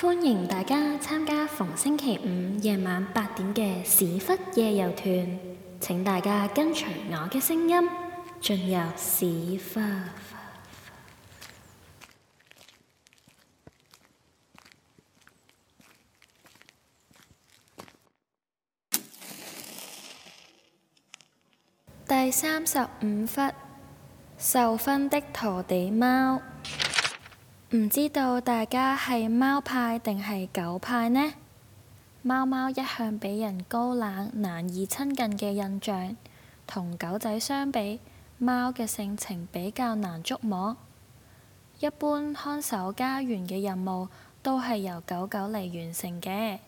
歡迎大家參加逢星期五夜晚八點嘅屎忽夜遊團。請大家跟隨我嘅聲音進入屎忽。第三十五窟，受勳的陀地貓。唔知道大家係貓派定係狗派呢？貓貓一向俾人高冷，難以親近嘅印象，同狗仔相比，貓嘅性情比較難捉摸。一般看守家園嘅任務都係由狗狗嚟完成嘅。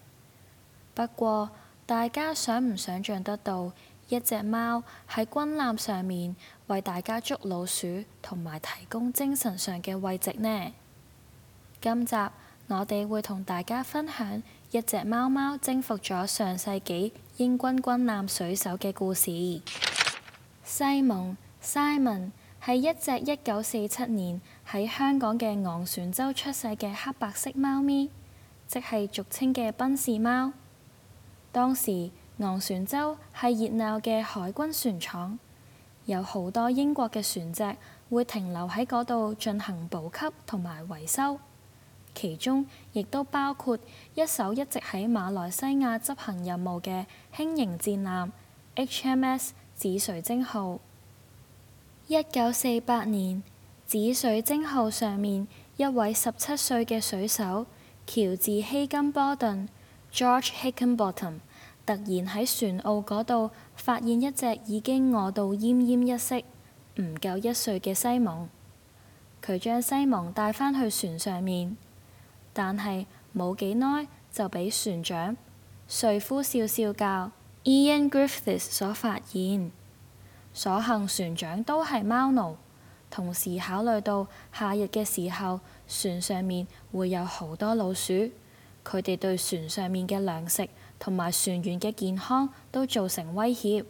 不過大家想唔想象得到想像，一隻貓喺軍艦上面為大家捉老鼠同埋提供精神上嘅慰藉呢？今集我哋會同大家分享一隻貓貓征服咗上世紀英軍軍艦水手嘅故事。西蒙、Simon 係一隻一九四七年喺香港嘅昂船洲出世嘅黑白色貓咪，即係俗稱嘅賓士貓。當時昂船洲係熱鬧嘅海軍船廠，有好多英國嘅船隻會停留喺嗰度進行補給同埋維修。其中亦都包括一艘一直喺馬來西亞執行任務嘅輕型戰艦 HMS 紫水晶號。一九四八年，紫水晶號上面一位十七歲嘅水手喬治希金波頓 （George h i c k e n b o t t o m 突然喺船澳嗰度發現一隻已經餓到奄奄一息、唔夠一歲嘅西蒙。佢將西蒙帶返去船上面。但係冇幾耐就俾船長瑞夫笑笑教 Ian Griffiths 所發現。所幸船長都係貓奴，同時考慮到夏日嘅時候船上面會有好多老鼠，佢哋對船上面嘅糧食同埋船員嘅健康都造成威脅，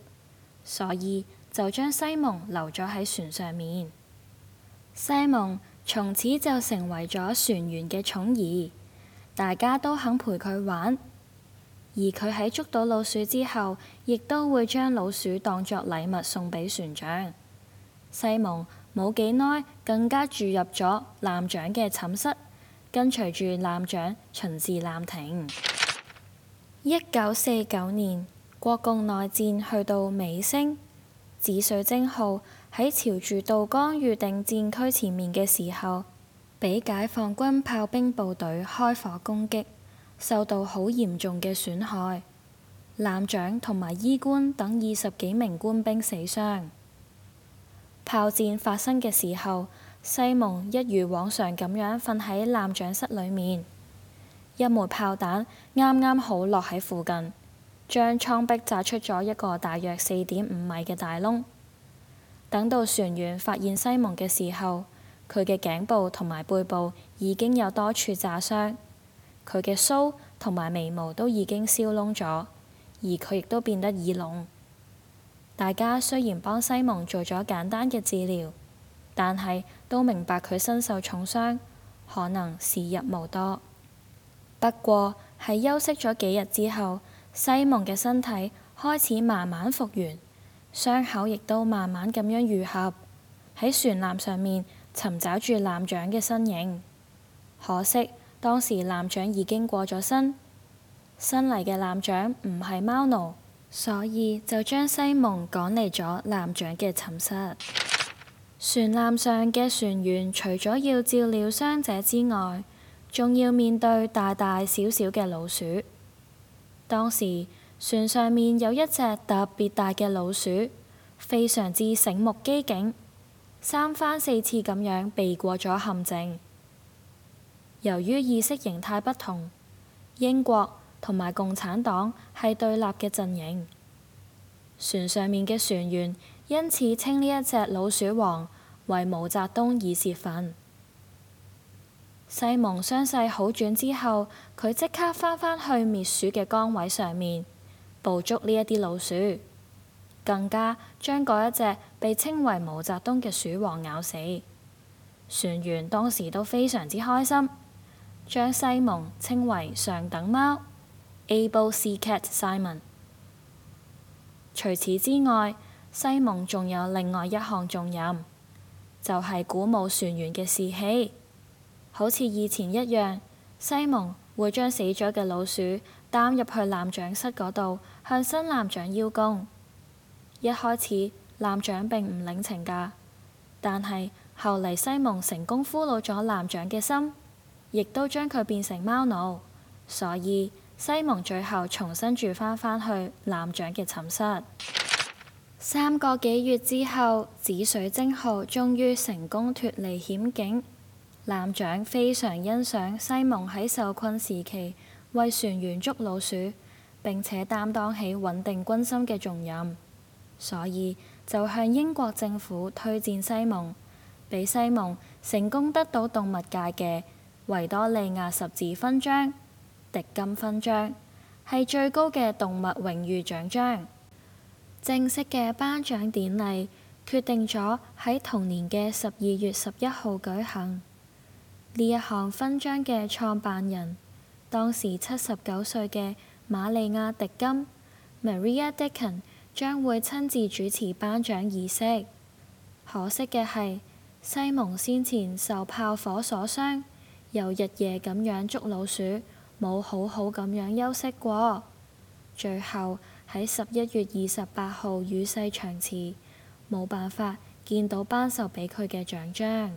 所以就將西蒙留咗喺船上面。西蒙。從此就成為咗船員嘅寵兒，大家都肯陪佢玩。而佢喺捉到老鼠之後，亦都會將老鼠當作禮物送俾船長。西蒙冇幾耐，更加住入咗艦長嘅寢室，跟隨住艦長巡視艦艇。一九四九年，國共內戰去到尾聲，紫水晶號。喺朝住道江預定戰區前面嘅時候，俾解放軍炮兵部隊開火攻擊，受到好嚴重嘅損害，艦長同埋醫官等二十幾名官兵死傷。炮戰發生嘅時候，西蒙一如往常咁樣瞓喺艦長室裡面，一枚炮彈啱啱好落喺附近，將艙壁炸出咗一個大約四點五米嘅大窿。等到船員發現西蒙嘅時候，佢嘅頸部同埋背部已經有多處炸傷，佢嘅鬚同埋眉毛都已經燒燶咗，而佢亦都變得耳聾。大家雖然幫西蒙做咗簡單嘅治療，但係都明白佢身受重傷，可能時日無多。不過喺休息咗幾日之後，西蒙嘅身體開始慢慢復原。傷口亦都慢慢咁樣愈合，喺船艦上面尋找住艦長嘅身影。可惜當時艦長已經過咗身，新嚟嘅艦長唔係貓奴，所以就將西蒙趕嚟咗艦長嘅寢室。船艦上嘅船員除咗要照料傷者之外，仲要面對大大小小嘅老鼠。當時船上面有一隻特別大嘅老鼠，非常之醒目機警，三番四次咁樣避過咗陷阱。由於意識形態不同，英國同埋共產黨係對立嘅陣營，船上面嘅船員因此稱呢一隻老鼠王為毛澤東而泄憤。西蒙傷勢好轉之後，佢即刻翻返去滅鼠嘅崗位上面。捕捉呢一啲老鼠，更加將嗰一隻被稱為毛澤東嘅鼠王咬死。船員當時都非常之開心，將西蒙稱為上等貓，Able Sea Cat Simon。除此之外，西蒙仲有另外一項重任，就係、是、鼓舞船員嘅士氣。好似以前一樣，西蒙會將死咗嘅老鼠。擔入去艦長室嗰度，向新艦長邀功。一開始，艦長並唔領情㗎，但係後嚟西蒙成功俘虜咗艦長嘅心，亦都將佢變成貓奴，所以西蒙最後重新住返返去艦長嘅寢室。三個幾月之後，紫水晶號終於成功脫離險境。艦長非常欣賞西蒙喺受困時期。為船員捉老鼠，並且擔當起穩定軍心嘅重任，所以就向英國政府推薦西蒙，俾西蒙成功得到動物界嘅維多利亞十字勛章，迪金勛章係最高嘅動物榮譽獎章。正式嘅頒獎典禮決定咗喺同年嘅十二月十一號舉行。呢一項勛章嘅創辦人，當時七十九歲嘅瑪利亞迪金 Maria Dickin 將會親自主持頒獎儀式。可惜嘅係，西蒙先前受炮火所傷，又日夜咁樣捉老鼠，冇好好咁樣休息過，最後喺十一月二十八號與世長辭，冇辦法見到頒授俾佢嘅獎章。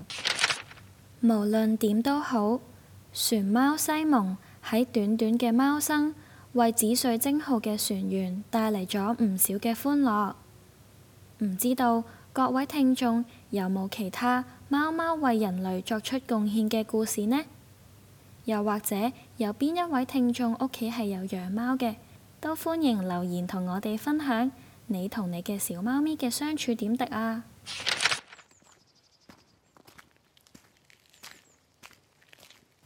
無論點都好，船貓西蒙。喺短短嘅貓生，為紫水晶號嘅船員帶嚟咗唔少嘅歡樂。唔知道各位聽眾有冇其他貓貓為人類作出貢獻嘅故事呢？又或者有邊一位聽眾屋企係有養貓嘅，都歡迎留言同我哋分享你同你嘅小貓咪嘅相處點滴啊！